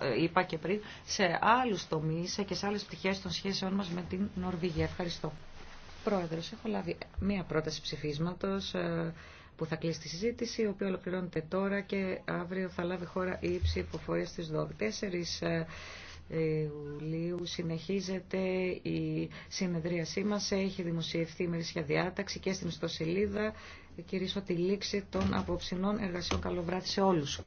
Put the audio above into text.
Ε, είπα και πριν, σε άλλους τομείς και σε άλλες πτυχές των σχέσεών μας με την Νορβηγία. Ευχαριστώ. Πρόεδρος, έχω λάβει μία πρόταση ψηφίσματος ε, που θα κλείσει τη συζήτηση, η οποία ολοκληρώνεται τώρα και αύριο θα λάβει χώρα η ψηφοφορία στις 12. Ε, Ιουλίου συνεχίζεται η συνεδρίασή μας. Έχει δημοσιευθεί η μερισσιαδιάταξη διάταξη και στην ιστοσελίδα. Κυρίσω τη λήξη των απόψινών εργασιών. Καλό βράδυ σε όλους.